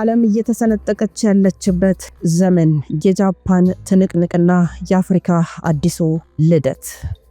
ዓለም እየተሰነጠቀች ያለችበት ዘመን የጃፓን ትንቅንቅና የአፍሪካ አዲሱ ልደት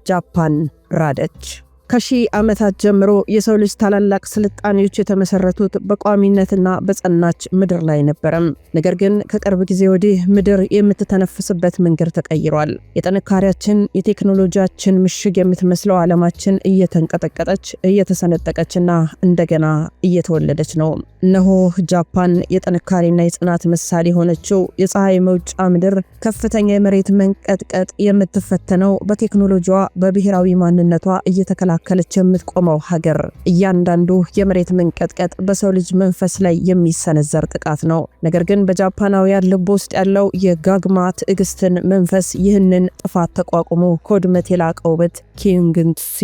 ጃፓን ራደች። ከሺህ ዓመታት ጀምሮ የሰው ልጅ ታላላቅ ስልጣኔዎች የተመሰረቱት በቋሚነትና በጸናች ምድር ላይ ነበረም። ነገር ግን ከቅርብ ጊዜ ወዲህ ምድር የምትተነፍስበት መንገድ ተቀይሯል። የጥንካሬያችን የቴክኖሎጂያችን ምሽግ የምትመስለው ዓለማችን እየተንቀጠቀጠች እየተሰነጠቀችና እንደገና እየተወለደች ነው። እነሆ ጃፓን የጥንካሬና የጽናት ምሳሌ የሆነችው የፀሐይ መውጫ ምድር ከፍተኛ የመሬት መንቀጥቀጥ የምትፈተነው በቴክኖሎጂዋ በብሔራዊ ማንነቷ እየተከላ እየተሰናከለች የምትቆመው ሀገር እያንዳንዱ የመሬት መንቀጥቀጥ በሰው ልጅ መንፈስ ላይ የሚሰነዘር ጥቃት ነው። ነገር ግን በጃፓናውያን ልብ ውስጥ ያለው የጋግማ ትዕግስትን መንፈስ ይህንን ጥፋት ተቋቁሞ ከውድመት የላቀ ውበት ኪንግንሲ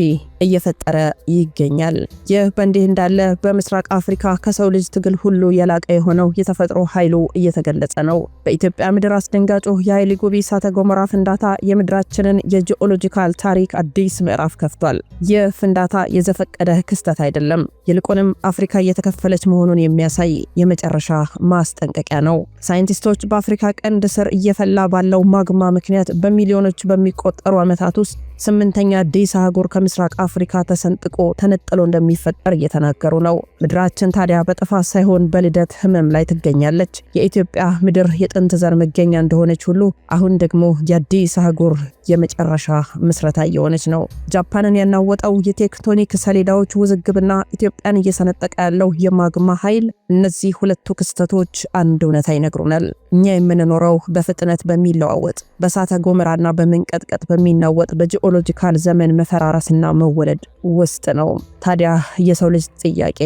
እየፈጠረ ይገኛል። ይህ በእንዲህ እንዳለ በምስራቅ አፍሪካ ከሰው ልጅ ትግል ሁሉ የላቀ የሆነው የተፈጥሮ ኃይሉ እየተገለጸ ነው። በኢትዮጵያ ምድር አስደንጋጩ የኃይሊ ጉቢ እሳተ ገሞራ ፍንዳታ የምድራችንን የጂኦሎጂካል ታሪክ አዲስ ምዕራፍ ከፍቷል። ይ የፍንዳታ የዘፈቀደ ክስተት አይደለም። ይልቁንም አፍሪካ እየተከፈለች መሆኑን የሚያሳይ የመጨረሻ ማስጠንቀቂያ ነው። ሳይንቲስቶች በአፍሪካ ቀንድ ስር እየፈላ ባለው ማግማ ምክንያት በሚሊዮኖች በሚቆጠሩ ዓመታት ውስጥ ስምንተኛ አዲስ አህጉር ከምስራቅ አፍሪካ ተሰንጥቆ ተነጥሎ እንደሚፈጠር እየተናገሩ ነው። ምድራችን ታዲያ በጥፋት ሳይሆን በልደት ህመም ላይ ትገኛለች። የኢትዮጵያ ምድር የጥንት ዘር መገኛ እንደሆነች ሁሉ አሁን ደግሞ የአዲስ አህጉር የመጨረሻ ምስረታ እየሆነች ነው። ጃፓንን ያናወጠው የቴክቶኒክ ሰሌዳዎች ውዝግብና ኢትዮጵያን እየሰነጠቀ ያለው የማግማ ኃይል፣ እነዚህ ሁለቱ ክስተቶች አንድ እውነታ ይነግሩናል። እኛ የምንኖረው በፍጥነት በሚለዋወጥ በእሳተ ጎመራና በመንቀጥቀጥ በሚናወጥ በጂኦሎጂካል ዘመን መፈራረስና መወለድ ውስጥ ነው። ታዲያ የሰው ልጅ ጥያቄ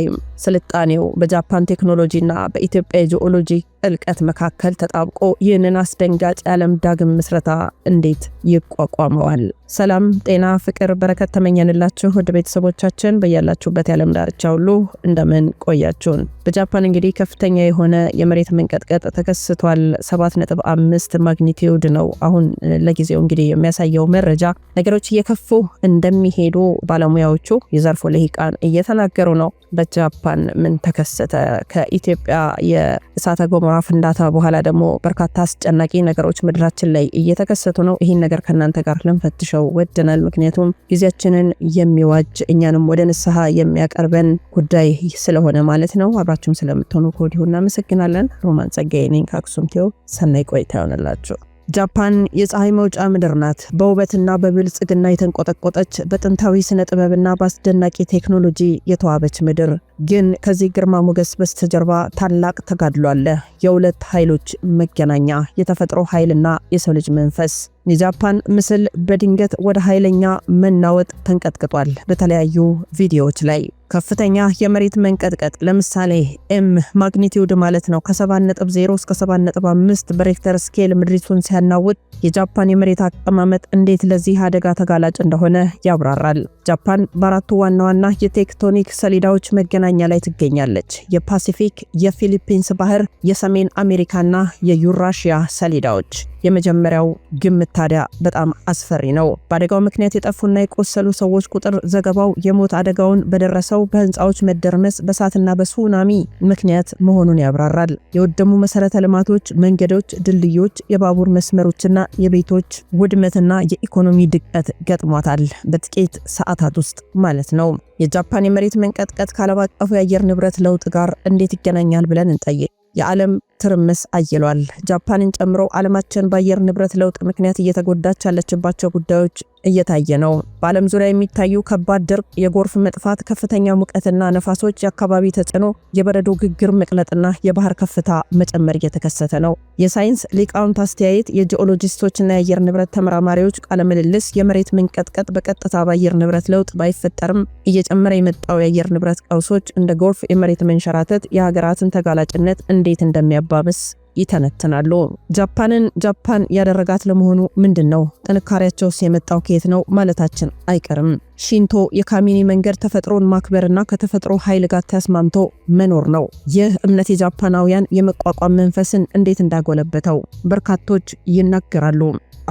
ስልጣኔው በጃፓን ቴክኖሎጂና በኢትዮጵያ የጂኦሎጂ ጥልቀት መካከል ተጣብቆ ይህንን አስደንጋጭ የዓለም ዳግም ምስረታ እንዴት ይቋቋመዋል? ሰላም፣ ጤና፣ ፍቅር፣ በረከት ተመኘንላችሁ ውድ ቤተሰቦቻችን በያላችሁበት የዓለም ዳርቻ ሁሉ እንደምን ቆያችሁን? በጃፓን እንግዲህ ከፍተኛ የሆነ የመሬት መንቀጥቀጥ ተከስቷል። 7.5 ማግኒቲዩድ ነው አሁን ለጊዜው እንግዲህ የሚያሳየው መረጃ። ነገሮች እየከፉ እንደሚሄዱ ባለሙያዎቹ የዘርፉ ልሂቃን እየተናገሩ ነው። በጃፓን ጃፓን ምን ተከሰተ? ከኢትዮጵያ የእሳተ ገሞራ ፍንዳታ በኋላ ደግሞ በርካታ አስጨናቂ ነገሮች ምድራችን ላይ እየተከሰቱ ነው። ይህን ነገር ከእናንተ ጋር ልንፈትሸው ወድናል። ምክንያቱም ጊዜያችንን የሚዋጅ እኛንም ወደ ንስሐ የሚያቀርበን ጉዳይ ስለሆነ ማለት ነው። አብራችሁም ስለምትሆኑ ከወዲሁ እናመሰግናለን። ሮማን ጸጋዬ ነኝ ከአክሱም ቲዩብ። ሰናይ ቆይታ ይሆንላችሁ። ጃፓን የፀሐይ መውጫ ምድር ናት። በውበትና በብልጽግና የተንቆጠቆጠች በጥንታዊ ስነ ጥበብና በአስደናቂ ቴክኖሎጂ የተዋበች ምድር። ግን ከዚህ ግርማ ሞገስ በስተጀርባ ታላቅ ተጋድሎ አለ። የሁለት ኃይሎች መገናኛ፣ የተፈጥሮ ኃይልና የሰው ልጅ መንፈስ። የጃፓን ምስል በድንገት ወደ ኃይለኛ መናወጥ ተንቀጥቅጧል። በተለያዩ ቪዲዮዎች ላይ ከፍተኛ የመሬት መንቀጥቀጥ ለምሳሌ ኤም ማግኒቲዩድ ማለት ነው ከ7.0 እስከ 7.5 በሬክተር ስኬል ምድሪቱን ሲያናውጥ የጃፓን የመሬት አቀማመጥ እንዴት ለዚህ አደጋ ተጋላጭ እንደሆነ ያብራራል። ጃፓን በአራቱ ዋና ዋና የቴክቶኒክ ሰሌዳዎች መገናኛ ላይ ትገኛለች። የፓሲፊክ፣ የፊሊፒንስ ባህር፣ የሰሜን አሜሪካና የዩራሽያ ሰሌዳዎች። የመጀመሪያው ግምት ታዲያ በጣም አስፈሪ ነው። በአደጋው ምክንያት የጠፉና የቆሰሉ ሰዎች ቁጥር ዘገባው የሞት አደጋውን በደረሰው በህንፃዎች መደርመስ በእሳትና በሱናሚ ምክንያት መሆኑን ያብራራል። የወደሙ መሰረተ ልማቶች፣ መንገዶች፣ ድልድዮች፣ የባቡር መስመሮችና የቤቶች ውድመትና የኢኮኖሚ ድቀት ገጥሟታል። በጥቂት ሰዓት ሰዓታት ውስጥ ማለት ነው። የጃፓን የመሬት መንቀጥቀጥ ከዓለም አቀፉ የአየር ንብረት ለውጥ ጋር እንዴት ይገናኛል ብለን እንጠይቅ። የዓለም ትርምስ አይሏል። ጃፓንን ጨምሮ ዓለማችን በአየር ንብረት ለውጥ ምክንያት እየተጎዳች ያለችባቸው ጉዳዮች እየታየ ነው። በዓለም ዙሪያ የሚታዩ ከባድ ድርቅ፣ የጎርፍ መጥፋት፣ ከፍተኛ ሙቀትና ነፋሶች፣ የአካባቢ ተጽዕኖ፣ የበረዶ ግግር መቅለጥና የባህር ከፍታ መጨመር እየተከሰተ ነው። የሳይንስ ሊቃውንት አስተያየት፣ የጂኦሎጂስቶችና የአየር ንብረት ተመራማሪዎች ቃለምልልስ የመሬት መንቀጥቀጥ በቀጥታ በአየር ንብረት ለውጥ ባይፈጠርም እየጨመረ የመጣው የአየር ንብረት ቀውሶች እንደ ጎርፍ፣ የመሬት መንሸራተት የሀገራትን ተጋላጭነት እንዴት እንደሚያባብስ ይተነትናሉ። ጃፓንን ጃፓን ያደረጋት ለመሆኑ ምንድን ነው? ጥንካሬያቸውስ የመጣው ከየት ነው ማለታችን አይቀርም። ሺንቶ የካሚኒ መንገድ ተፈጥሮን ማክበርና ከተፈጥሮ ኃይል ጋር ተስማምቶ መኖር ነው። ይህ እምነት የጃፓናውያን የመቋቋም መንፈስን እንዴት እንዳጎለበተው በርካቶች ይናገራሉ።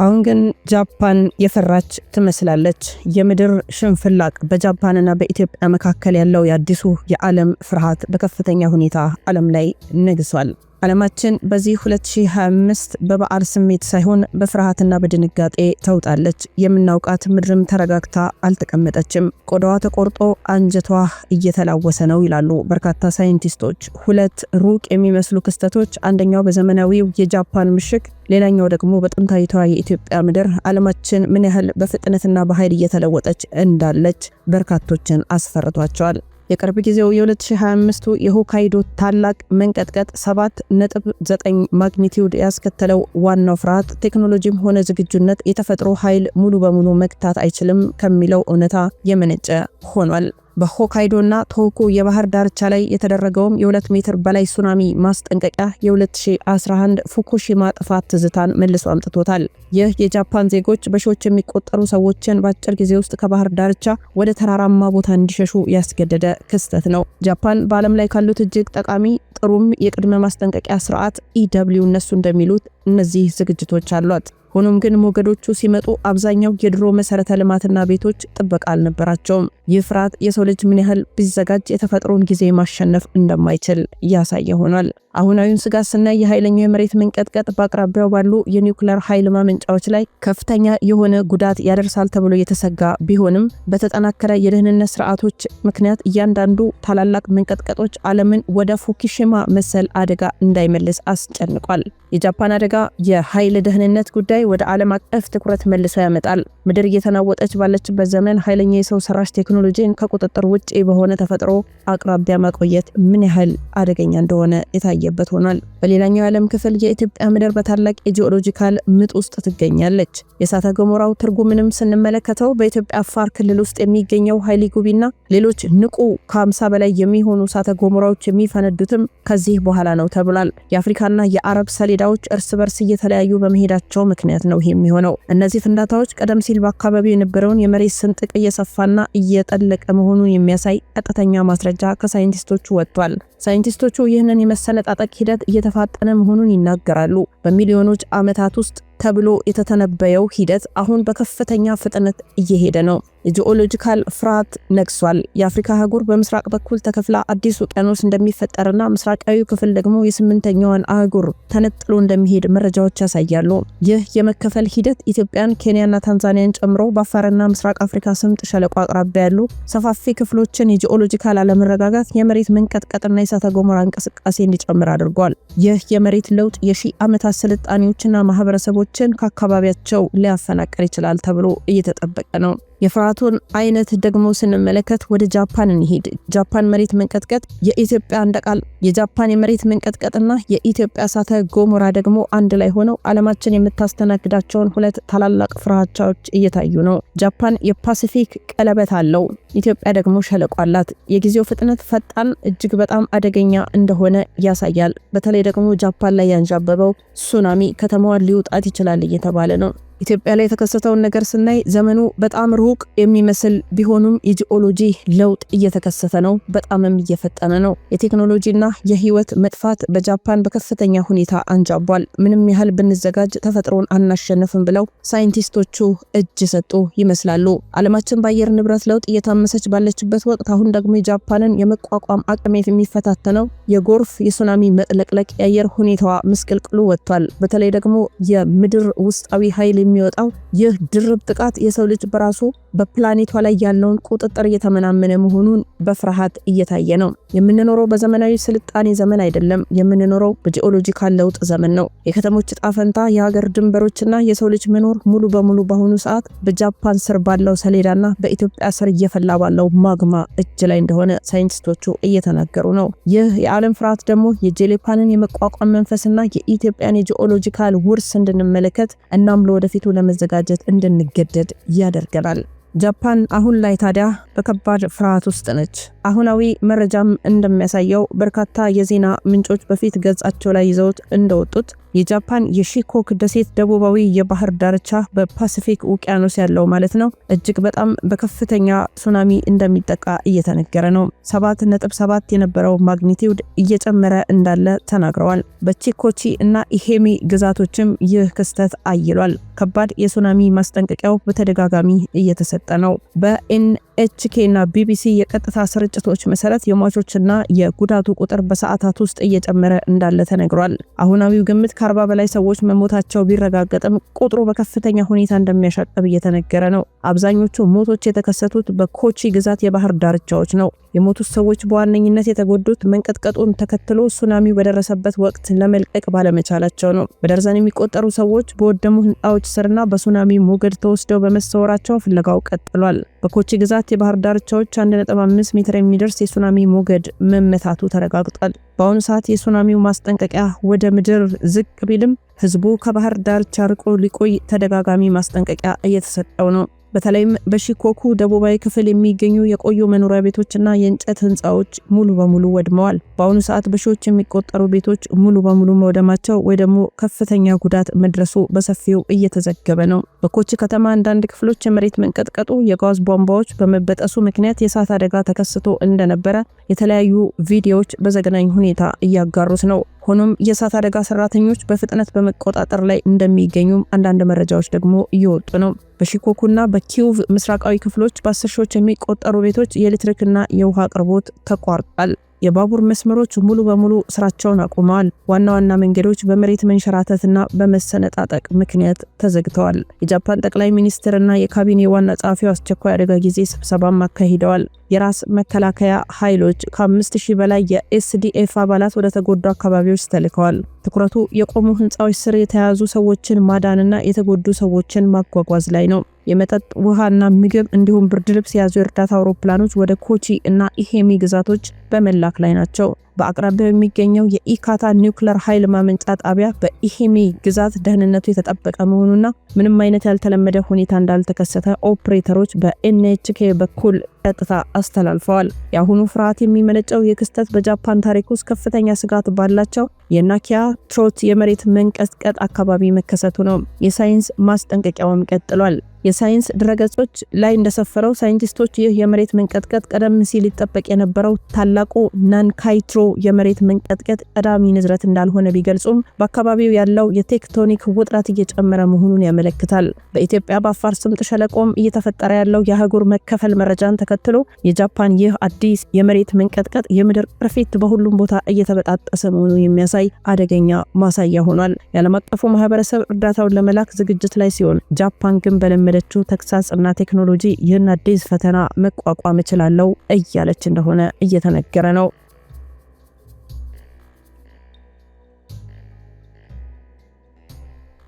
አሁን ግን ጃፓን የፈራች ትመስላለች። የምድር ሽንፍላቅ በጃፓንና በኢትዮጵያ መካከል ያለው የአዲሱ የዓለም ፍርሃት በከፍተኛ ሁኔታ ዓለም ላይ ነግሷል። ዓለማችን በዚህ 2025 በበዓል ስሜት ሳይሆን በፍርሃትና በድንጋጤ ተውጣለች። የምናውቃት ምድርም ተረጋግታ አልተቀመጠችም። ቆዳዋ ተቆርጦ አንጀቷ እየተላወሰ ነው ይላሉ በርካታ ሳይንቲስቶች። ሁለት ሩቅ የሚመስሉ ክስተቶች፣ አንደኛው በዘመናዊው የጃፓን ምሽግ፣ ሌላኛው ደግሞ በጥንታዊቷ የኢትዮጵያ ምድር ዓለማችን ምን ያህል በፍጥነትና በኃይል እየተለወጠች እንዳለች በርካቶችን አስፈርቷቸዋል። የቅርብ ጊዜው የ2025 የሆካይዶ ታላቅ መንቀጥቀጥ 7.9 ማግኒቲዩድ ያስከተለው ዋናው ፍርሃት ቴክኖሎጂም ሆነ ዝግጁነት የተፈጥሮ ኃይል ሙሉ በሙሉ መግታት አይችልም ከሚለው እውነታ የመነጨ ሆኗል። በሆካይዶና ቶሆኩ የባህር ዳርቻ ላይ የተደረገውም የ2 ሜትር በላይ ሱናሚ ማስጠንቀቂያ የ2011 ፉኩሺማ ጥፋት ትዝታን መልሶ አምጥቶታል። ይህ የጃፓን ዜጎች በሺዎች የሚቆጠሩ ሰዎችን በአጭር ጊዜ ውስጥ ከባህር ዳርቻ ወደ ተራራማ ቦታ እንዲሸሹ ያስገደደ ክስተት ነው። ጃፓን በዓለም ላይ ካሉት እጅግ ጠቃሚ ጥሩም የቅድመ ማስጠንቀቂያ ስርዓት ኢደብሊው e እነሱ እንደሚሉት እነዚህ ዝግጅቶች አሏት። ሆኖም ግን ሞገዶቹ ሲመጡ አብዛኛው የድሮ መሰረተ ልማትና ቤቶች ጥበቃ አልነበራቸውም። ይህ ፍርሃት የሰው ልጅ ምን ያህል ቢዘጋጅ የተፈጥሮን ጊዜ ማሸነፍ እንደማይችል እያሳየ ሆኗል። አሁናዊውን ስጋት ስናይ የኃይለኛው የመሬት መንቀጥቀጥ በአቅራቢያው ባሉ የኒውክሌር ኃይል ማመንጫዎች ላይ ከፍተኛ የሆነ ጉዳት ያደርሳል ተብሎ የተሰጋ ቢሆንም በተጠናከረ የደህንነት ስርዓቶች ምክንያት እያንዳንዱ ታላላቅ መንቀጥቀጦች ዓለምን ወደ ፉኪሽማ መሰል አደጋ እንዳይመልስ አስጨንቋል። የጃፓን አደጋ የኃይል ደህንነት ጉዳይ ወደ ዓለም አቀፍ ትኩረት መልሶ ያመጣል። ምድር እየተናወጠች ባለችበት ዘመን ኃይለኛ የሰው ሰራሽ ቴክኖሎጂን ከቁጥጥር ውጭ በሆነ ተፈጥሮ አቅራቢያ ማቆየት ምን ያህል አደገኛ እንደሆነ የታየበት ሆኗል። በሌላኛው የዓለም ክፍል የኢትዮጵያ ምድር በታላቅ የጂኦሎጂካል ምጥ ውስጥ ትገኛለች። የእሳተ ገሞራው ትርጉምንም ስንመለከተው በኢትዮጵያ አፋር ክልል ውስጥ የሚገኘው ጉቢ ጉቢና ሌሎች ንቁ ከ50 በላይ የሚሆኑ እሳተ ገሞራዎች የሚፈነዱትም ከዚህ በኋላ ነው ተብሏል። የአፍሪካና የአረብ ሰሌዳ ፋይዳዎች እርስ በርስ እየተለያዩ በመሄዳቸው ምክንያት ነው ይህ የሚሆነው። እነዚህ ፍንዳታዎች ቀደም ሲል በአካባቢው የነበረውን የመሬት ስንጥቅ እየሰፋና እየጠለቀ መሆኑን የሚያሳይ ቀጥተኛ ማስረጃ ከሳይንቲስቶቹ ወጥቷል። ሳይንቲስቶቹ ይህንን የመሰነጣጠቅ ሂደት እየተፋጠነ መሆኑን ይናገራሉ። በሚሊዮኖች ዓመታት ውስጥ ተብሎ የተተነበየው ሂደት አሁን በከፍተኛ ፍጥነት እየሄደ ነው። የጂኦሎጂካል ፍርሃት ነግሷል። የአፍሪካ አህጉር በምስራቅ በኩል ተከፍላ አዲስ ውቅያኖስ እንደሚፈጠርና ምስራቃዊ ክፍል ደግሞ የስምንተኛዋን አህጉር ተነጥሎ እንደሚሄድ መረጃዎች ያሳያሉ። ይህ የመከፈል ሂደት ኢትዮጵያን፣ ኬንያና ታንዛኒያን ጨምሮ በአፋርና ምስራቅ አፍሪካ ስምጥ ሸለቆ አቅራቢያ ያሉ ሰፋፊ ክፍሎችን የጂኦሎጂካል አለመረጋጋት፣ የመሬት መንቀጥቀጥና የእሳተ ገሞራ እንቅስቃሴ እንዲጨምር አድርጓል። ይህ የመሬት ለውጥ የሺህ ዓመታት ስልጣኔዎችና ማህበረሰቦችን ከአካባቢያቸው ሊያፈናቀል ይችላል ተብሎ እየተጠበቀ ነው። የፍራ የጥቃቱን አይነት ደግሞ ስንመለከት ወደ ጃፓን እንሄድ። ጃፓን መሬት መንቀጥቀጥ፣ የኢትዮጵያ እንደቃል የጃፓን የመሬት መንቀጥቀጥና የኢትዮጵያ እሳተ ገሞራ ደግሞ አንድ ላይ ሆነው አለማችን የምታስተናግዳቸውን ሁለት ታላላቅ ፍርሃቻዎች እየታዩ ነው። ጃፓን የፓሲፊክ ቀለበት አለው፣ ኢትዮጵያ ደግሞ ሸለቆ አላት። የጊዜው ፍጥነት ፈጣን፣ እጅግ በጣም አደገኛ እንደሆነ ያሳያል። በተለይ ደግሞ ጃፓን ላይ ያንዣበበው ሱናሚ ከተማዋን ሊውጣት ይችላል እየተባለ ነው። ኢትዮጵያ ላይ የተከሰተውን ነገር ስናይ ዘመኑ በጣም ሩቅ የሚመስል ቢሆንም የጂኦሎጂ ለውጥ እየተከሰተ ነው፣ በጣምም እየፈጠነ ነው። የቴክኖሎጂና የህይወት መጥፋት በጃፓን በከፍተኛ ሁኔታ አንጃቧል። ምንም ያህል ብንዘጋጅ ተፈጥሮን አናሸንፍም ብለው ሳይንቲስቶቹ እጅ ሰጡ ይመስላሉ። አለማችን በአየር ንብረት ለውጥ እየታመሰች ባለችበት ወቅት አሁን ደግሞ የጃፓንን የመቋቋም አቅም የሚፈታተነው የጎርፍ የሱናሚ መጥለቅለቅ የአየር ሁኔታዋ ምስቅልቅሉ ወጥቷል። በተለይ ደግሞ የምድር ውስጣዊ ኃይል የሚወጣው ይህ ድርብ ጥቃት የሰው ልጅ በራሱ በፕላኔቷ ላይ ያለውን ቁጥጥር እየተመናመነ መሆኑን በፍርሃት እየታየ ነው። የምንኖረው በዘመናዊ ስልጣኔ ዘመን አይደለም። የምንኖረው በጂኦሎጂካል ለውጥ ዘመን ነው። የከተሞች ጣፈንታ የሀገር ድንበሮችና የሰው ልጅ መኖር ሙሉ በሙሉ በአሁኑ ሰዓት በጃፓን ስር ባለው ሰሌዳና በኢትዮጵያ ስር እየፈላ ባለው ማግማ እጅ ላይ እንደሆነ ሳይንቲስቶቹ እየተናገሩ ነው። ይህ የዓለም ፍርሃት ደግሞ የጄሌፓንን የመቋቋም መንፈስና የኢትዮጵያን የጂኦሎጂካል ውርስ እንድንመለከት እናም ለወደፊት ለወደፊቱ ለመዘጋጀት እንድንገደድ ያደርገናል። ጃፓን አሁን ላይ ታዲያ በከባድ ፍርሃት ውስጥ ነች። አሁናዊ መረጃም እንደሚያሳየው በርካታ የዜና ምንጮች በፊት ገጻቸው ላይ ይዘውት እንደወጡት የጃፓን የሺኮክ ደሴት ደቡባዊ የባህር ዳርቻ በፓሲፊክ ውቅያኖስ ያለው ማለት ነው እጅግ በጣም በከፍተኛ ሱናሚ እንደሚጠቃ እየተነገረ ነው። 7.7 የነበረው ማግኒቲውድ እየጨመረ እንዳለ ተናግረዋል። በቺኮቺ እና ኢሄሚ ግዛቶችም ይህ ክስተት አይሏል። ከባድ የሱናሚ ማስጠንቀቂያው በተደጋጋሚ እየተሰጠ ነው። በኤን ኤችኬ እና ቢቢሲ የቀጥታ ስርጭቶች መሰረት የሟቾችና የጉዳቱ ቁጥር በሰዓታት ውስጥ እየጨመረ እንዳለ ተነግሯል። አሁናዊው ግምት ከአርባ በላይ ሰዎች መሞታቸው ቢረጋገጥም ቁጥሩ በከፍተኛ ሁኔታ እንደሚያሻቀብ እየተነገረ ነው። አብዛኞቹ ሞቶች የተከሰቱት በኮቺ ግዛት የባህር ዳርቻዎች ነው። የሞቱት ሰዎች በዋነኝነት የተጎዱት መንቀጥቀጡን ተከትሎ ሱናሚ በደረሰበት ወቅት ለመልቀቅ ባለመቻላቸው ነው። በደርዘን የሚቆጠሩ ሰዎች በወደሙ ህንፃዎች ስርና በሱናሚ ሞገድ ተወስደው በመሰወራቸው ፍለጋው ቀጥሏል። በኮቺ ግዛት የባህር ዳርቻዎች 1.5 ሜትር የሚደርስ የሱናሚ ሞገድ መመታቱ ተረጋግጧል። በአሁኑ ሰዓት የሱናሚው ማስጠንቀቂያ ወደ ምድር ዝቅ ቢልም ህዝቡ ከባህር ዳርቻ ርቆ ሊቆይ ተደጋጋሚ ማስጠንቀቂያ እየተሰጠው ነው። በተለይም በሺኮኩ ደቡባዊ ክፍል የሚገኙ የቆዩ መኖሪያ ቤቶችና የእንጨት ህንፃዎች ሙሉ በሙሉ ወድመዋል። በአሁኑ ሰዓት በሺዎች የሚቆጠሩ ቤቶች ሙሉ በሙሉ መውደማቸው ወይ ደግሞ ከፍተኛ ጉዳት መድረሱ በሰፊው እየተዘገበ ነው። በኮቺ ከተማ አንዳንድ ክፍሎች የመሬት መንቀጥቀጡ፣ የጋዝ ቧንቧዎች በመበጠሱ ምክንያት የእሳት አደጋ ተከስቶ እንደነበረ የተለያዩ ቪዲዮዎች በዘግናኝ ሁኔታ እያጋሩት ነው። ሆኖም የእሳት አደጋ ሰራተኞች በፍጥነት በመቆጣጠር ላይ እንደሚገኙም አንዳንድ መረጃዎች ደግሞ እየወጡ ነው። በሺኮኩና በኪዩቭ ምስራቃዊ ክፍሎች በአስር ሺዎች የሚቆጠሩ ቤቶች የኤሌክትሪክና የውሃ አቅርቦት ተቋርጧል። የባቡር መስመሮች ሙሉ በሙሉ ስራቸውን አቁመዋል። ዋና ዋና መንገዶች በመሬት መንሸራተትና በመሰነጣጠቅ ምክንያት ተዘግተዋል። የጃፓን ጠቅላይ ሚኒስትርና የካቢኔ ዋና ጸሐፊው አስቸኳይ አደጋ ጊዜ ስብሰባም አካሂደዋል። የራስ መከላከያ ኃይሎች ከ5000 በላይ የኤስዲኤፍ አባላት ወደ ተጎዱ አካባቢዎች ተልከዋል። ትኩረቱ የቆሙ ህንፃዎች ስር የተያዙ ሰዎችን ማዳንና የተጎዱ ሰዎችን ማጓጓዝ ላይ ነው። የመጠጥ ውሃና ምግብ እንዲሁም ብርድ ልብስ የያዙ የእርዳታ አውሮፕላኖች ወደ ኮቺ እና ኢሄሚ ግዛቶች በመላክ ላይ ናቸው። በአቅራቢያው የሚገኘው የኢካታ ኒውክለር ኃይል ማመንጫ ጣቢያ በኢሄሜ ግዛት ደህንነቱ የተጠበቀ መሆኑና ምንም አይነት ያልተለመደ ሁኔታ እንዳልተከሰተ ኦፕሬተሮች በኤንኤችኬ በኩል ቀጥታ አስተላልፈዋል። የአሁኑ ፍርሃት የሚመነጨው የክስተት በጃፓን ታሪክ ውስጥ ከፍተኛ ስጋት ባላቸው የናኪያ ትሮት የመሬት መንቀጥቀጥ አካባቢ መከሰቱ ነው። የሳይንስ ማስጠንቀቂያውም ቀጥሏል። የሳይንስ ድረገጾች ላይ እንደሰፈረው ሳይንቲስቶች ይህ የመሬት መንቀጥቀጥ ቀደም ሲል ይጠበቅ የነበረው ታላቁ ናንካይትሮ የመሬት መንቀጥቀጥ ቀዳሚ ንዝረት እንዳልሆነ ቢገልጹም በአካባቢው ያለው የቴክቶኒክ ውጥረት እየጨመረ መሆኑን ያመለክታል። በኢትዮጵያ በአፋር ስምጥ ሸለቆም እየተፈጠረ ያለው የአህጉር መከፈል መረጃን ተከትሎ የጃፓን ይህ አዲስ የመሬት መንቀጥቀጥ የምድር ቅርፊት በሁሉም ቦታ እየተበጣጠሰ መሆኑን የሚያሳይ አደገኛ ማሳያ ሆኗል። የዓለም አቀፉ ማህበረሰብ እርዳታውን ለመላክ ዝግጅት ላይ ሲሆን ጃፓን ግን በለመደ በለመደችው ተግሳጽ እና ቴክኖሎጂ ይህን አዲስ ፈተና መቋቋም እችላለሁ እያለች እንደሆነ እየተነገረ ነው።